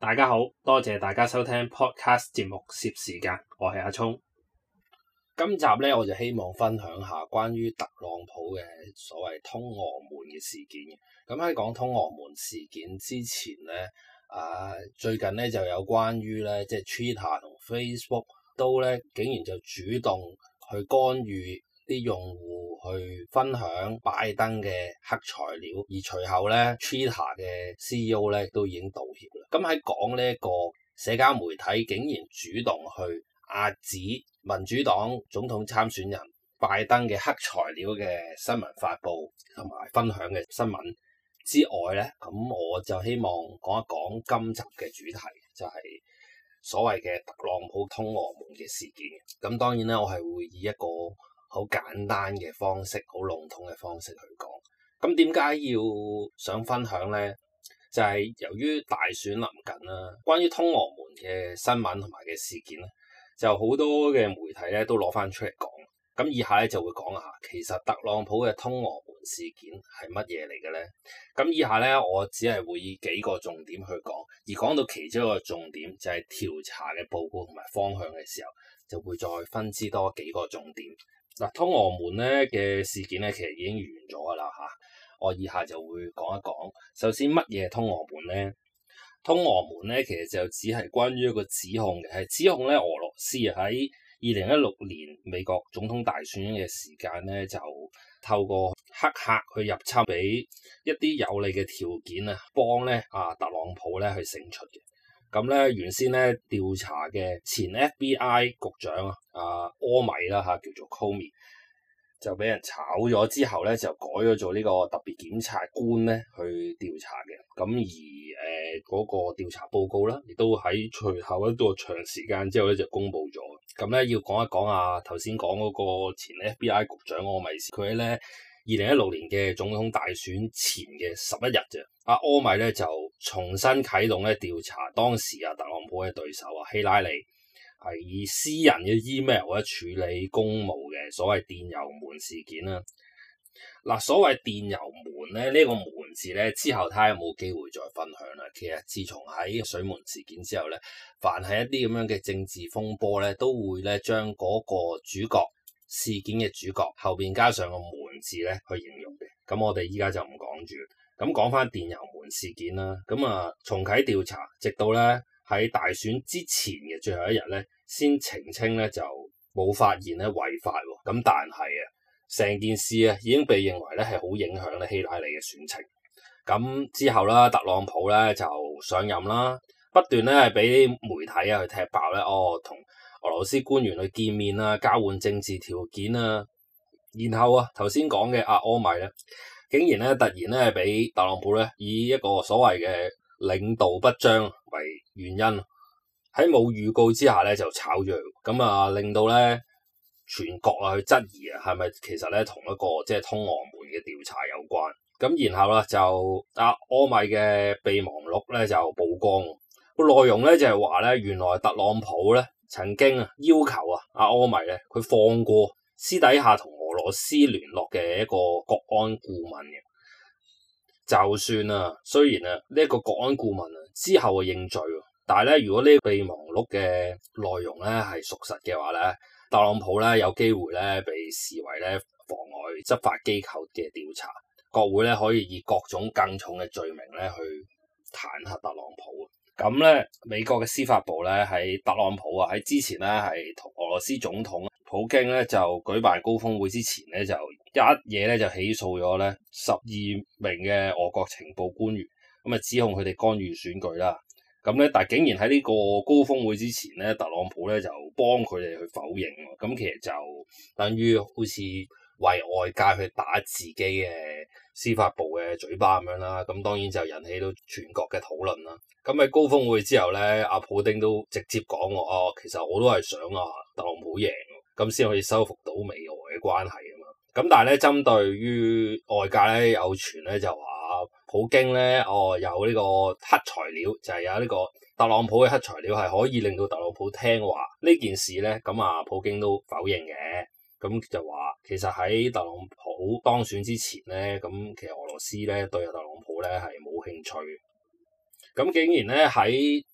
大家好多謝大家收聽 Podcast 節目攝時間，我係阿聰。今集咧，我就希望分享下關於特朗普嘅所謂通俄門嘅事件。咁喺講通俄門事件之前咧，啊最近咧就有關於咧即係 Twitter 同 Facebook 都咧竟然就主動去干預啲用戶去分享拜登嘅黑材料，而隨後咧 Twitter 嘅 CEO 咧都已經道歉。咁喺講呢個社交媒體竟然主動去壓止民主黨總統參選人拜登嘅黑材料嘅新聞發布同埋分享嘅新聞之外呢，咁我就希望講一講今集嘅主題就係所謂嘅特朗普通俄門嘅事件。咁當然咧，我係會以一個好簡單嘅方式、好籠統嘅方式去講。咁點解要想分享呢？就係由於大選臨近啦，關於通俄門嘅新聞同埋嘅事件咧，就好多嘅媒體咧都攞翻出嚟講。咁以下咧就會講下，其實特朗普嘅通俄門事件係乜嘢嚟嘅咧？咁以下咧我只係會以幾個重點去講，而講到其中一個重點就係調查嘅報告同埋方向嘅時候，就會再分支多幾個重點。嗱，通俄門咧嘅事件咧其實已經完咗㗎喇吓。我以下就會講一講。首先，乜嘢係通俄門咧？通俄門咧，其實就只係關於一個指控嘅，係指控咧俄羅斯喺二零一六年美國總統大選嘅時間咧，就透過黑客去入侵，俾一啲有利嘅條件啊，幫咧啊特朗普咧去勝出嘅。咁咧原先咧調查嘅前 FBI 局長啊，阿柯米啦嚇、啊，叫做 Komi。就俾人炒咗之後咧，就改咗做呢個特別檢察官咧去調查嘅。咁而誒嗰，呃那個調查報告啦，亦都喺隨後一個長時間之後咧就公布咗。咁咧要講一講啊，頭先講嗰個前咧 FBI 局長柯米斯，佢咧二零一六年嘅總統大選前嘅十一日啫，阿柯米咧就重新啟動咧調查當時啊特朗普嘅對手啊希拉里。係以私人嘅 email 咧處理公務嘅所謂電郵門事件啦。嗱、啊，所謂電郵門咧，呢、呢個門字咧之後睇下有冇機會再分享啦。其實自從喺水門事件之後咧，凡係一啲咁樣嘅政治風波咧，都會咧將嗰個主角事件嘅主角後邊加上個門字咧去形容嘅。咁我哋依家就唔講住。咁講翻電郵門事件啦。咁啊，重啟調查，直到咧。喺大選之前嘅最後一日咧，先澄清咧就冇發現咧違法喎。咁但係啊，成件事啊已經被認為咧係好影響咧希拉里嘅選情。咁之後啦，特朗普咧就上任啦，不斷咧係俾媒體啊去踢爆咧，哦同俄羅斯官員去見面啊，交換政治條件啊。然後啊，頭先講嘅阿柯米咧，竟然咧突然咧係俾特朗普咧以一個所謂嘅領導不彰為，原因喺冇預告之下咧就炒咗，咁啊令到咧全國啊去質疑啊係咪其實咧同一個即係通俄門嘅調查有關，咁然後啦就阿柯米嘅備忘錄咧就曝光，個內容咧就係話咧原來特朗普咧曾經啊要求啊阿柯米咧佢放過私底下同俄羅斯聯絡嘅一個國安顧問嘅，就算啊雖然啊呢一個國安顧問啊之後啊認罪啊。但係咧，如果呢個備忘錄嘅內容咧係屬實嘅話咧，特朗普咧有機會咧被視為咧妨礙執法機構嘅調查，國會咧可以以各種更重嘅罪名咧去彈劾特朗普。咁咧，美國嘅司法部咧喺特朗普啊喺之前咧係同俄羅斯總統普京咧就舉辦高峰會之前咧就一嘢咧就起訴咗咧十二名嘅俄國情報官員，咁啊指控佢哋干預選舉啦。咁咧，但係竟然喺呢個高峰會之前咧，特朗普咧就幫佢哋去否認。咁其實就等於好似為外界去打自己嘅司法部嘅嘴巴咁樣啦。咁當然就引起到全國嘅討論啦。咁喺高峰會之後咧，阿普丁都直接講我、啊、其實我都係想啊，特朗普贏，咁先可以修復到美俄嘅關係啊嘛。咁但係咧，針對於外界咧，有傳咧就話。普京咧，哦，有呢個黑材料，就係有呢個特朗普嘅黑材料，係可以令到特朗普聽話。呢件事咧，咁啊普京都否認嘅，咁就話其實喺特朗普當選之前咧，咁其實俄羅斯咧對特朗普咧係冇興趣。咁竟然咧喺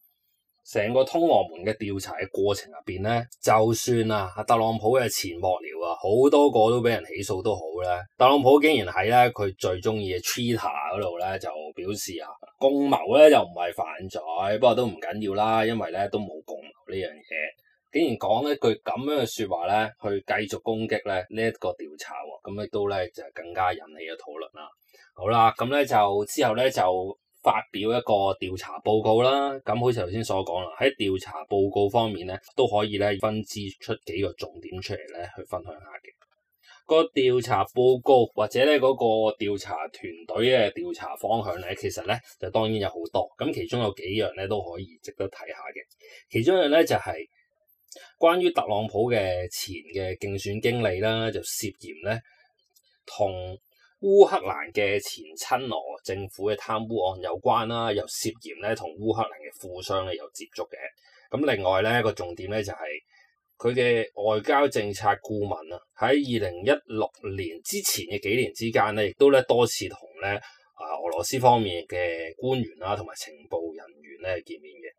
成個通俄門嘅調查嘅過程入邊咧，就算啊特朗普嘅前幕僚啊，好多個都俾人起訴都好咧，特朗普竟然喺咧佢最中意嘅 Twitter 嗰度咧就表示啊，共謀咧又唔係犯罪，不過都唔緊要啦，因為咧都冇共謀呢樣嘢，竟然講一句咁樣嘅說話咧，去繼續攻擊咧呢一、這個調查喎、啊，咁亦都咧就是、更加引起咗討論啦。好啦，咁咧就之後咧就。發表一個調查報告啦，咁好似頭先所講啦，喺調查報告方面咧，都可以咧分支出幾個重點出嚟咧，去分享下嘅個調查報告或者咧嗰個調查團隊嘅調查方向咧，其實咧就當然有好多，咁其中有幾樣咧都可以值得睇下嘅，其中一樣咧就係關於特朗普嘅前嘅競選經理啦，就涉嫌咧同。烏克蘭嘅前親俄政府嘅貪污案有關啦，又涉嫌咧同烏克蘭嘅富商咧有接觸嘅。咁另外咧一個重點咧就係佢嘅外交政策顧問啊，喺二零一六年之前嘅幾年之間咧，亦都咧多次同咧啊俄羅斯方面嘅官員啦同埋情報人員咧見面嘅。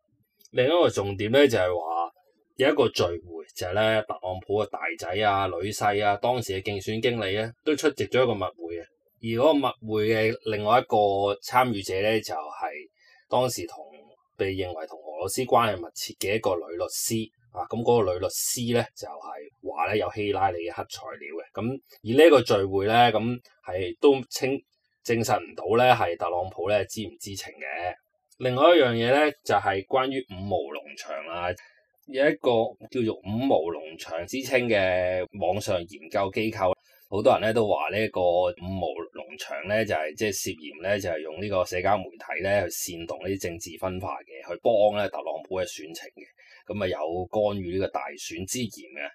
另一個重點咧就係話有一個聚會，就係、是、咧特朗普嘅大仔啊、女婿啊，當時嘅競選經理咧都出席咗一個密會嘅。而嗰個密會嘅另外一個參與者咧，就係、是、當時同被認為同俄羅斯關係密切嘅一個女律師啊。咁、嗯、嗰、那個女律師咧，就係話咧有希拉里嘅黑材料嘅。咁、啊、而呢一個聚會咧，咁、嗯、係都清證實唔到咧，係特朗普咧知唔知情嘅。另外一樣嘢咧，就係、是、關於五毛農場啦、啊，有一個叫做五毛農場之稱嘅網上研究機構，好多人咧都話呢一個五毛場咧就係即係涉嫌咧就係、是、用呢個社交媒體咧去煽動呢啲政治分化嘅，去幫咧特朗普嘅選情嘅，咁啊有干預呢個大選之嫌嘅。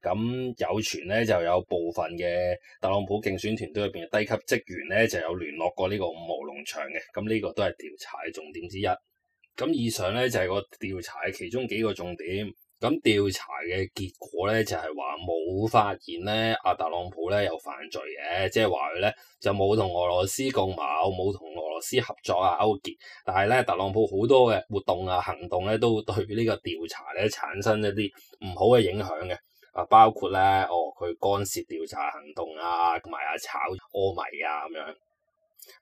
咁有傳咧就有部分嘅特朗普競選團隊入邊嘅低級職員咧就有聯絡過呢個五毛農場嘅，咁呢個都係調查嘅重點之一。咁以上咧就係、是、個調查嘅其中幾個重點。咁調查嘅結果咧，就係話冇發現咧阿特朗普咧有犯罪嘅，即係話佢咧就冇同俄羅斯共謀，冇同俄羅斯合作啊勾結。但係咧特朗普好多嘅活動啊行動咧，都對呢個調查咧產生一啲唔好嘅影響嘅。啊，包括咧哦佢干涉調查行動啊，同埋啊炒科米啊咁樣。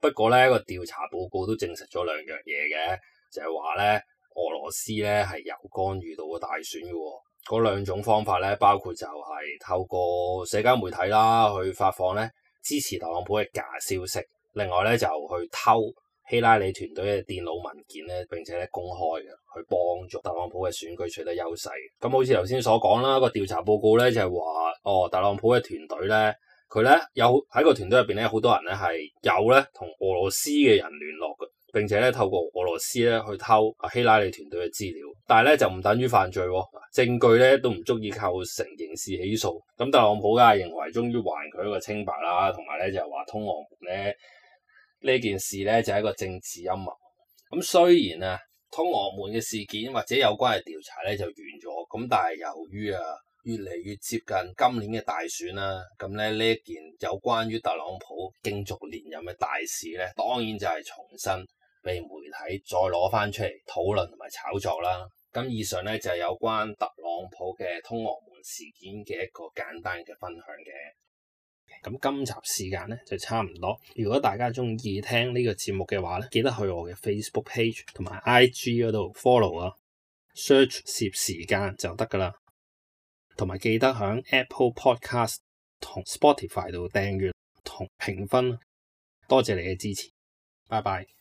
不過咧個調查報告都證實咗兩樣嘢嘅，就係話咧。俄羅斯咧係有干預到個大選嘅喎，哦，嗰兩種方法咧，包括就係透過社交媒體啦去發放咧支持特朗普嘅假消息，另外咧就去偷希拉里團隊嘅電腦文件咧，並且咧公開嘅，去幫助特朗普嘅選舉取得優勢。咁好似頭先所講啦，個調查報告咧就係話，哦，特朗普嘅團隊咧，佢咧有喺個團隊入邊咧，好多人咧係有咧同俄羅斯嘅人聯絡嘅。並且咧透過俄羅斯咧去偷希拉里團隊嘅資料，但係咧就唔等於犯罪喎，證據咧都唔足以構成刑事起訴。咁特朗普梗係認為終於還佢一個清白啦，同埋咧就係話通俄門咧呢件事咧就係一個政治陰謀。咁雖然啊通俄門嘅事件或者有關嘅調查咧就完咗，咁但係由於啊越嚟越接近今年嘅大選啦，咁咧呢一件有關於特朗普競逐連任嘅大事咧，當然就係重申。被媒體再攞翻出嚟討論同埋炒作啦。咁以上咧就係有關特朗普嘅通俄門事件嘅一個簡單嘅分享嘅。咁今集時間咧就差唔多。如果大家鍾意聽呢個節目嘅話咧，記得去我嘅 Facebook page 同埋 IG 嗰度 follow 啊，search 攝時間就得噶啦。同埋記得響 Apple Podcast 同 Spotify 度訂閱同評分，啊，多謝你嘅支持。拜拜。